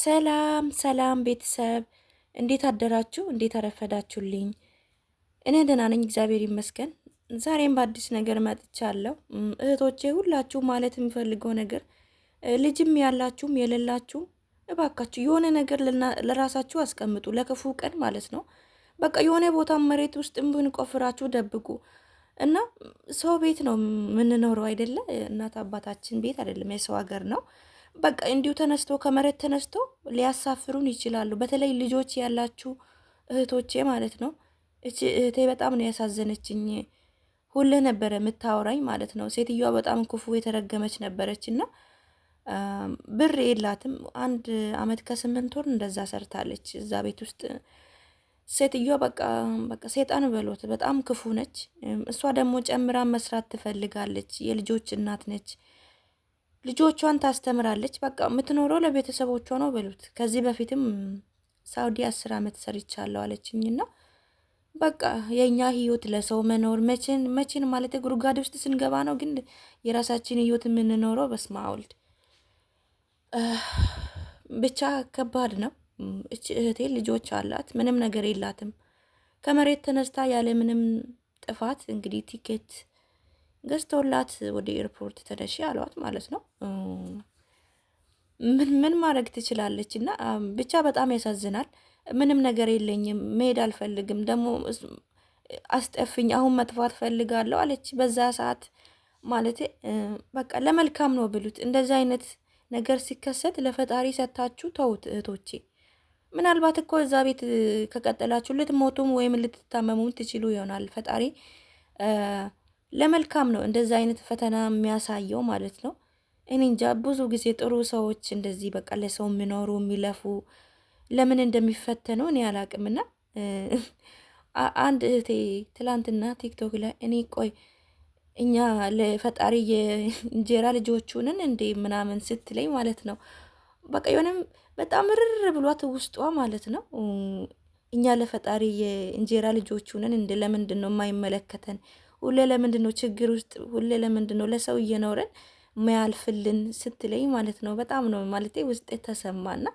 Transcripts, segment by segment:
ሰላም ሰላም ቤተሰብ እንዴት አደራችሁ? እንዴት አረፈዳችሁልኝ? እኔ ደህና ነኝ፣ እግዚአብሔር ይመስገን። ዛሬም በአዲስ ነገር መጥቻለሁ። እህቶቼ ሁላችሁ ማለት የሚፈልገው ነገር ልጅም ያላችሁም የሌላችሁም እባካችሁ የሆነ ነገር ለራሳችሁ አስቀምጡ፣ ለክፉ ቀን ማለት ነው። በቃ የሆነ ቦታ መሬት ውስጥ ብንቆፍራችሁ ቆፍራችሁ ደብቁ እና ሰው ቤት ነው የምንኖረው አይደለ? እናት አባታችን ቤት አይደለም፣ የሰው ሀገር ነው በቃ እንዲሁ ተነስቶ ከመሬት ተነስቶ ሊያሳፍሩን ይችላሉ። በተለይ ልጆች ያላችሁ እህቶቼ ማለት ነው። እቺ እህቴ በጣም ነው ያሳዘነችኝ። ሁለ ነበረ የምታወራኝ ማለት ነው። ሴትዮዋ በጣም ክፉ የተረገመች ነበረች እና ብር የላትም። አንድ አመት ከስምንት ወር እንደዛ ሰርታለች እዛ ቤት ውስጥ ሴትዮዋ በቃ በቃ ሴጣን በሎት በጣም ክፉ ነች። እሷ ደግሞ ጨምራ መስራት ትፈልጋለች። የልጆች እናት ነች። ልጆቿን ታስተምራለች። በቃ የምትኖረው ለቤተሰቦቿ ነው በሉት። ከዚህ በፊትም ሳውዲ አስር ዓመት ሰርቻለሁ አለችኝና በቃ የእኛ ህይወት ለሰው መኖር መቼን መቼን ማለት ጉድጓድ ውስጥ ስንገባ ነው። ግን የራሳችን ህይወት የምንኖረው በስመ አብ ወልድ ብቻ ከባድ ነው። እች እህቴ ልጆች አላት፣ ምንም ነገር የላትም። ከመሬት ተነስታ ያለ ምንም ጥፋት እንግዲህ ቲኬት ገዝቶላት ወደ ኤርፖርት ተነሺ አሏት ማለት ነው። ምን ምን ማድረግ ትችላለች? እና ብቻ በጣም ያሳዝናል። ምንም ነገር የለኝም፣ መሄድ አልፈልግም፣ ደግሞ አስጠፍኝ፣ አሁን መጥፋት ፈልጋለሁ አለች። በዛ ሰዓት ማለት በቃ ለመልካም ነው ብሉት። እንደዚህ አይነት ነገር ሲከሰት ለፈጣሪ ሰታችሁ ተውት እህቶቼ። ምናልባት እኮ እዛ ቤት ከቀጠላችሁ ልትሞቱም ወይም ልትታመሙም ትችሉ ይሆናል ፈጣሪ ለመልካም ነው እንደዚህ አይነት ፈተና የሚያሳየው ማለት ነው። እኔ እንጃ ብዙ ጊዜ ጥሩ ሰዎች እንደዚህ በቃ ለሰው የሚኖሩ የሚለፉ ለምን እንደሚፈተኑ እኔ አላቅምና አንድ እህቴ ትላንትና ቲክቶክ ላይ እኔ ቆይ እኛ ለፈጣሪ የእንጀራ ልጆቹንን እንዴ ምናምን ስትለኝ ማለት ነው በቃ የሆነም በጣም ርር ብሏት ውስጧ ማለት ነው እኛ ለፈጣሪ የእንጀራ ልጆቹንን እንደ ለምንድን ነው የማይመለከተን ሁሌ ለምንድን ነው ችግር ውስጥ ሁሌ ለምንድን ነው ለሰው እየኖረን ማያልፍልን ስትለኝ ማለት ነው በጣም ነው ማለቴ ውስጤ ተሰማና፣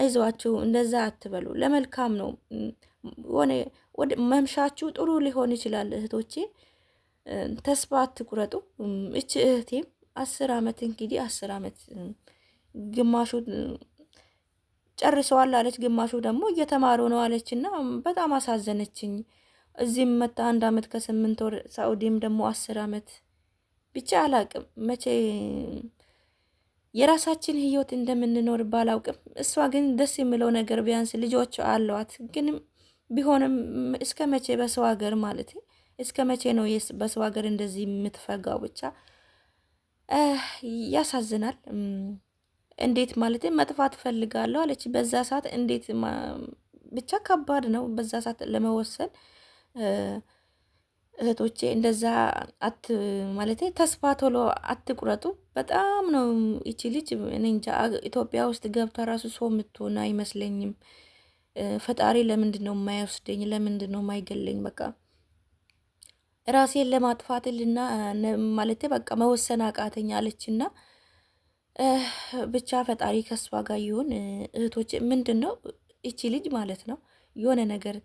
አይዟችሁ እንደዛ አትበሉ። ለመልካም ነው ሆነ መምሻችሁ ጥሩ ሊሆን ይችላል። እህቶቼ ተስፋ አትቁረጡ። እች እህቴ አስር አመት እንግዲህ አስር አመት ግማሹ ጨርሰዋል አለች፣ ግማሹ ደግሞ እየተማሩ ነው አለች እና በጣም አሳዘነችኝ። እዚህም መታ አንድ አመት ከስምንት ወር ሳኡዲም ደግሞ አስር አመት ብቻ አላውቅም መቼ የራሳችን ህይወት እንደምንኖር ባላውቅም፣ እሷ ግን ደስ የሚለው ነገር ቢያንስ ልጆች አለዋት። ግን ቢሆንም እስከ መቼ በሰው ሀገር ማለት እስከ መቼ ነው በሰው ሀገር እንደዚህ የምትፈጋው? ብቻ ያሳዝናል። እንዴት ማለት መጥፋት ፈልጋለሁ አለች በዛ ሰዓት። እንዴት ብቻ ከባድ ነው በዛ ሰዓት ለመወሰን እህቶቼ እንደዛ አት ማለት ተስፋ ቶሎ አትቁረጡ። በጣም ነው ይቺ ልጅ እኔ እንጃ ኢትዮጵያ ውስጥ ገብታ ራሱ ሰው የምትሆን አይመስለኝም። ፈጣሪ ለምንድን ነው የማይወስደኝ? ለምንድን ነው የማይገለኝ? በቃ ራሴን ለማጥፋት ልና ማለት በቃ መወሰን አቃተኝ አለችና ብቻ ፈጣሪ ከሷ ጋር ይሁን። እህቶች ምንድን ነው ይቺ ልጅ ማለት ነው የሆነ ነገር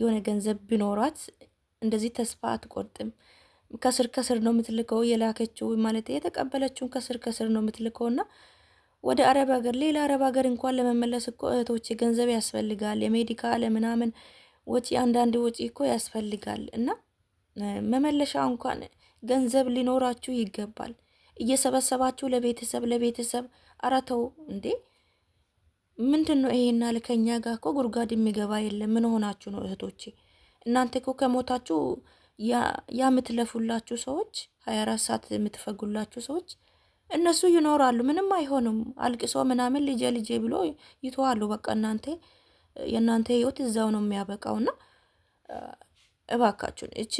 የሆነ ገንዘብ ቢኖሯት እንደዚህ ተስፋ አትቆርጥም። ከስር ከስር ነው የምትልከው የላከችው ማለት የተቀበለችውን ከስር ከስር ነው የምትልከውና ወደ አረብ ሀገር ሌላ አረብ ሀገር እንኳን ለመመለስ እኮ እህቶች ገንዘብ ያስፈልጋል። የሜዲካል ምናምን ወጪ አንዳንድ ወጪ እኮ ያስፈልጋል እና መመለሻ እንኳን ገንዘብ ሊኖራችሁ ይገባል። እየሰበሰባችሁ ለቤተሰብ ለቤተሰብ አረተው እንዴ ምንድን ነው ይሄና ልከኛ ጋር እኮ ጉድጓድ የሚገባ የለም። ምን ሆናችሁ ነው እህቶቼ? እናንተ እኮ ከሞታችሁ ያ ሰዎች ሀያ አራት ሰዓት የምትፈጉላችሁ ሰዎች እነሱ ይኖራሉ። ምንም አይሆኑም። አልቅሶ ምናምን ልጄ ልጄ ብሎ ይተዋሉ። በቃ እናንተ የእናንተ ህይወት እዛው ነው የሚያበቃውና እባካችሁን እች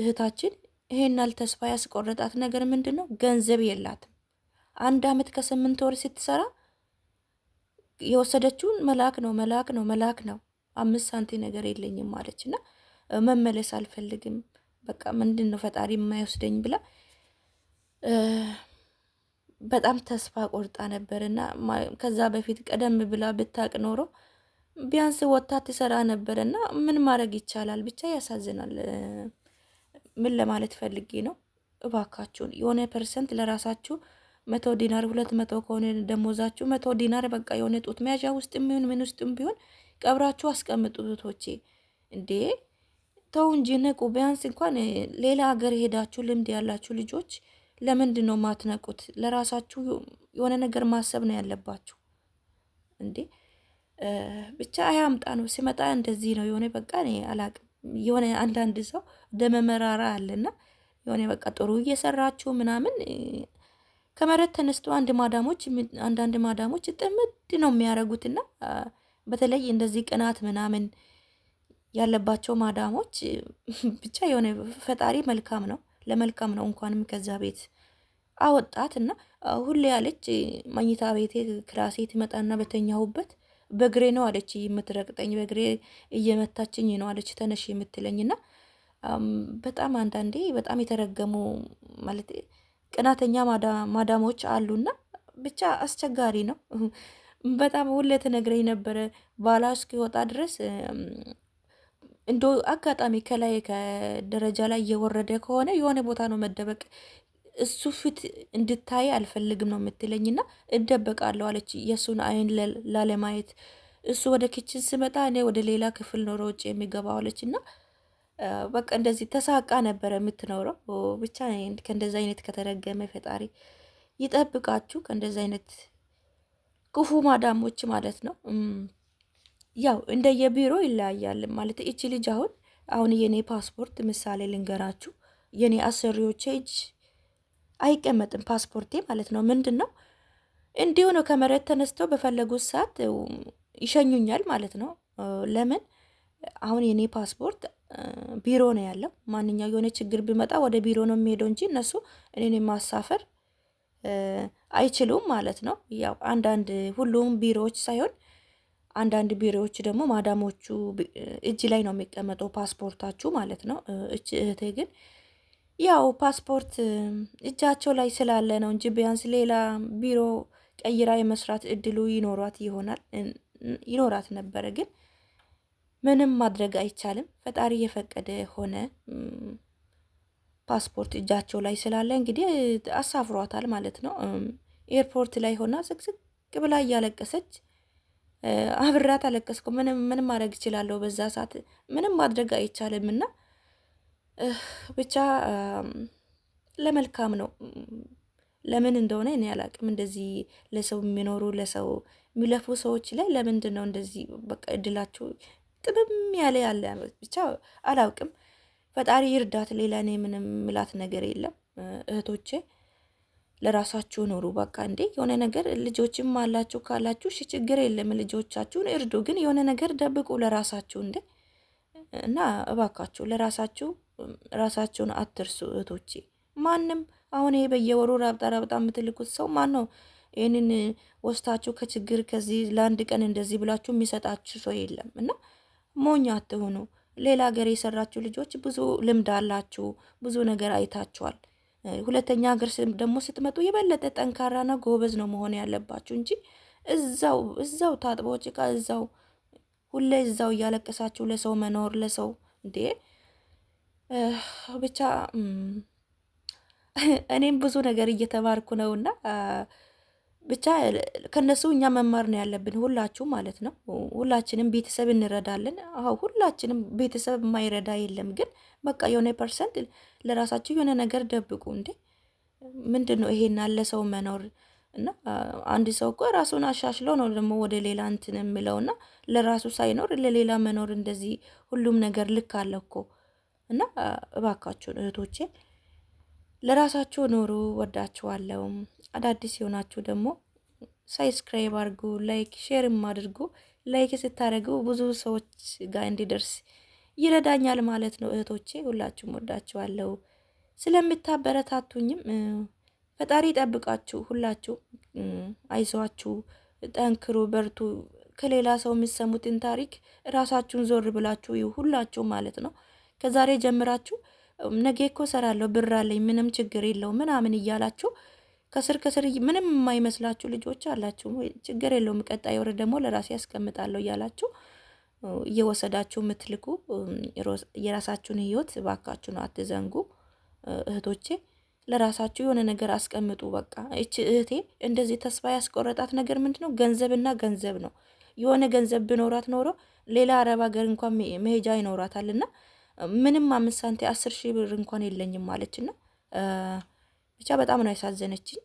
እህታችን ይሄን ተስፋ ያስቆረጣት ነገር ምንድን ነው? ገንዘብ የላትም። አንድ አመት ከስምንት ወር ስትሰራ የወሰደችውን መልአክ ነው መልአክ ነው መልአክ ነው አምስት ሳንቲ ነገር የለኝም ማለች እና መመለስ አልፈልግም በቃ ምንድን ነው ፈጣሪ የማይወስደኝ ብላ በጣም ተስፋ ቆርጣ ነበር እና ከዛ በፊት ቀደም ብላ ብታቅ ኖሮ ቢያንስ ወታ ትሰራ ነበር እና ምን ማድረግ ይቻላል ብቻ ያሳዝናል ምን ለማለት ፈልጌ ነው እባካችሁን የሆነ ፐርሰንት ለራሳችሁ መቶ ዲናር ሁለት መቶ ከሆነ ደሞዛችሁ መቶ ዲናር በቃ የሆነ ጡት መያዣ ውስጥ የሚሆን ምን ውስጥም ቢሆን ቀብራችሁ አስቀምጡ። ጡቶቼ እንዴ ተው እንጂ ንቁ። ቢያንስ እንኳን ሌላ ሀገር ሄዳችሁ ልምድ ያላችሁ ልጆች ለምንድን ነው ማትነቁት? ለራሳችሁ የሆነ ነገር ማሰብ ነው ያለባችሁ። እንዴ ብቻ አያምጣ ነው ሲመጣ እንደዚህ ነው የሆነ በቃ አላቅም። የሆነ አንዳንድ ሰው ደመመራራ አለና የሆነ በቃ ጥሩ እየሰራችሁ ምናምን ከመሬት ተነስቶ አንድ ማዳሞች አንዳንድ ማዳሞች ጥምድ ነው የሚያደርጉትና በተለይ እንደዚህ ቅናት ምናምን ያለባቸው ማዳሞች ብቻ የሆነ ፈጣሪ መልካም ነው፣ ለመልካም ነው። እንኳንም ከዛ ቤት አወጣት እና ሁሌ አለች መኝታ ቤቴ ክላሴ ትመጣና በተኛሁበት በግሬ ነው አለች የምትረግጠኝ፣ በግሬ እየመታችኝ ነው አለች ተነሽ የምትለኝ እና በጣም አንዳንዴ በጣም የተረገሙ ማለት ቅናተኛ ማዳሞች አሉና ብቻ አስቸጋሪ ነው። በጣም ሁሌ ትነግረኝ ነበረ ባላ እስኪወጣ ድረስ እንደ አጋጣሚ ከላይ ከደረጃ ላይ እየወረደ ከሆነ የሆነ ቦታ ነው መደበቅ እሱ ፊት እንድታይ አልፈልግም ነው የምትለኝና እደበቃለሁ አለች። የእሱን አይን ላለማየት እሱ ወደ ኪችን ስመጣ እኔ ወደ ሌላ ክፍል ኖሮ ውጭ የሚገባው አለች እና በቃ እንደዚህ ተሳቃ ነበረ የምትኖረው። ብቻ ከእንደዚ አይነት ከተረገመ ፈጣሪ ይጠብቃችሁ፣ ከእንደዚ አይነት ክፉ ማዳሞች ማለት ነው። ያው እንደየቢሮ ይለያያል ማለት እቺ ልጅ አሁን አሁን የኔ ፓስፖርት ምሳሌ ልንገራችሁ፣ የኔ አሰሪዎች እጅ አይቀመጥም ፓስፖርቴ ማለት ነው። ምንድን ነው እንዲሁ ነው፣ ከመሬት ተነስተው በፈለጉት ሰዓት ይሸኙኛል ማለት ነው። ለምን አሁን የኔ ፓስፖርት ቢሮ ነው ያለው። ማንኛው የሆነ ችግር ቢመጣ ወደ ቢሮ ነው የሚሄደው እንጂ እነሱ እኔን የማሳፈር አይችሉም ማለት ነው። ያው አንዳንድ ሁሉም ቢሮዎች ሳይሆን አንዳንድ ቢሮዎች ደግሞ ማዳሞቹ እጅ ላይ ነው የሚቀመጠው ፓስፖርታችሁ ማለት ነው። እች እህቴ ግን ያው ፓስፖርት እጃቸው ላይ ስላለ ነው እንጂ ቢያንስ ሌላ ቢሮ ቀይራ የመስራት እድሉ ይኖሯት ይሆናል ይኖራት ነበረ ግን ምንም ማድረግ አይቻልም። ፈጣሪ የፈቀደ ሆነ። ፓስፖርት እጃቸው ላይ ስላለ እንግዲህ አሳፍሯታል ማለት ነው። ኤርፖርት ላይ ሆና ዝግዝግ ብላ እያለቀሰች አብራት አለቀስኩ። ምንም ምን ማድረግ እችላለሁ? በዛ ሰዓት ምንም ማድረግ አይቻልም እና ብቻ ለመልካም ነው። ለምን እንደሆነ እኔ አላቅም። እንደዚህ ለሰው የሚኖሩ ለሰው የሚለፉ ሰዎች ላይ ለምንድን ነው እንደዚህ በቃ እድላቸው ጥብም ያለ ያለ ብቻ አላውቅም። ፈጣሪ ይርዳት። ሌላ እኔ ምንም ምላት ነገር የለም። እህቶቼ ለራሳችሁ ኑሩ በቃ እንዴ። የሆነ ነገር ልጆችም አላችሁ ካላችሁ እሺ፣ ችግር የለም ልጆቻችሁን እርዱ። ግን የሆነ ነገር ደብቁ ለራሳችሁ እንዴ። እና እባካችሁ ለራሳችሁ ራሳችሁን አትርሱ እህቶቼ። ማንም አሁን ይሄ በየወሩ ራብጣ ራብጣ የምትልኩት ሰው ማን ነው? ይህንን ወስታችሁ ከችግር ከዚህ ለአንድ ቀን እንደዚህ ብላችሁ የሚሰጣችሁ ሰው የለም እና ሞኝ አትሆኑ። ሌላ ሀገር የሰራችሁ ልጆች ብዙ ልምድ አላችሁ፣ ብዙ ነገር አይታችኋል። ሁለተኛ ሀገር ደግሞ ስትመጡ የበለጠ ጠንካራና ጎበዝ ነው መሆን ያለባችሁ እንጂ እዛው እዛው ታጥቦ ጭቃ እዛው ሁሌ እዛው እያለቀሳችሁ ለሰው መኖር ለሰው እንዴ ብቻ እኔም ብዙ ነገር እየተማርኩ ነውና ብቻ ከነሱ እኛ መማር ነው ያለብን፣ ሁላችሁ ማለት ነው። ሁላችንም ቤተሰብ እንረዳለን። አዎ ሁላችንም ቤተሰብ የማይረዳ የለም። ግን በቃ የሆነ ፐርሰንት ለራሳችሁ የሆነ ነገር ደብቁ። እንዴ ምንድን ነው ይሄና ለሰው መኖር እና አንድ ሰው እኮ ራሱን አሻሽለው ነው ደግሞ ወደ ሌላ እንትን የምለውና ለራሱ ሳይኖር ለሌላ መኖር እንደዚህ ሁሉም ነገር ልክ አለ እኮ እና እባካችሁን እህቶቼ ለራሳችሁ ኑሩ። ወዳችኋለሁ። አዳዲስ የሆናችሁ ደግሞ ሳብስክራይብ አድርጉ፣ ላይክ ሼርም አድርጉ። ላይክ ስታደርጉ ብዙ ሰዎች ጋር እንዲደርስ ይረዳኛል ማለት ነው። እህቶቼ ሁላችሁም ወዳችኋለሁ። ስለምታበረታቱኝም ፈጣሪ ይጠብቃችሁ። ሁላችሁ አይዟችሁ፣ ጠንክሩ፣ በርቱ። ከሌላ ሰው የሚሰሙትን ታሪክ ራሳችሁን ዞር ብላችሁ ሁላችሁ ማለት ነው ከዛሬ ጀምራችሁ ነገ እኮ ሰራለሁ ብር አለኝ ምንም ችግር የለው ምናምን እያላችሁ ከስር ከስር ምንም የማይመስላችሁ ልጆች አላችሁ። ችግር የለውም ቀጣይ ወር ደግሞ ለራሴ ያስቀምጣለሁ እያላችሁ እየወሰዳችሁ የምትልኩ የራሳችሁን ህይወት ነው አትዘንጉ እህቶቼ። ለራሳችሁ የሆነ ነገር አስቀምጡ። በቃ እቺ እህቴ እንደዚህ ተስፋ ያስቆረጣት ነገር ምንድን ነው? ገንዘብና ገንዘብ ነው። የሆነ ገንዘብ ብኖራት ኖሮ ሌላ አረብ ሀገር እንኳን መሄጃ ይኖራታልና ምንም አምስት ሳንቲ አስር ሺህ ብር እንኳን የለኝም ነው። ብቻ በጣም ነው ያሳዘነችኝ።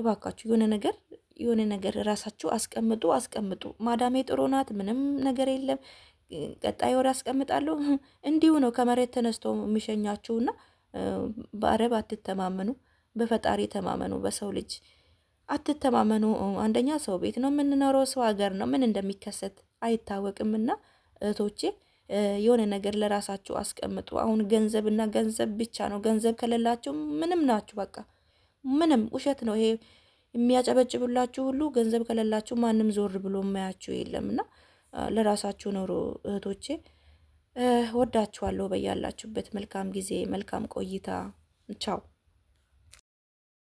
እባካችሁ የሆነ ነገር የሆነ ነገር ራሳችሁ አስቀምጡ አስቀምጡ። ማዳሜ ጥሩ ናት፣ ምንም ነገር የለም ቀጣይ ወር አስቀምጣለሁ። እንዲሁ ነው ከመሬት ተነስቶ የሚሸኛችሁና በአረብ አትተማመኑ፣ በፈጣሪ ተማመኑ፣ በሰው ልጅ አትተማመኑ። አንደኛ ሰው ቤት ነው የምንኖረው፣ ሰው ሀገር ነው ምን እንደሚከሰት አይታወቅምና እህቶቼ የሆነ ነገር ለራሳችሁ አስቀምጡ። አሁን ገንዘብ እና ገንዘብ ብቻ ነው። ገንዘብ ከሌላችሁ ምንም ናችሁ። በቃ ምንም ውሸት ነው ይሄ የሚያጨበጭብላችሁ ሁሉ። ገንዘብ ከሌላችሁ ማንም ዞር ብሎ የማያችሁ የለም እና ለራሳችሁ ኖሮ እህቶቼ ወዳችኋለሁ። በያላችሁበት መልካም ጊዜ፣ መልካም ቆይታ። ቻው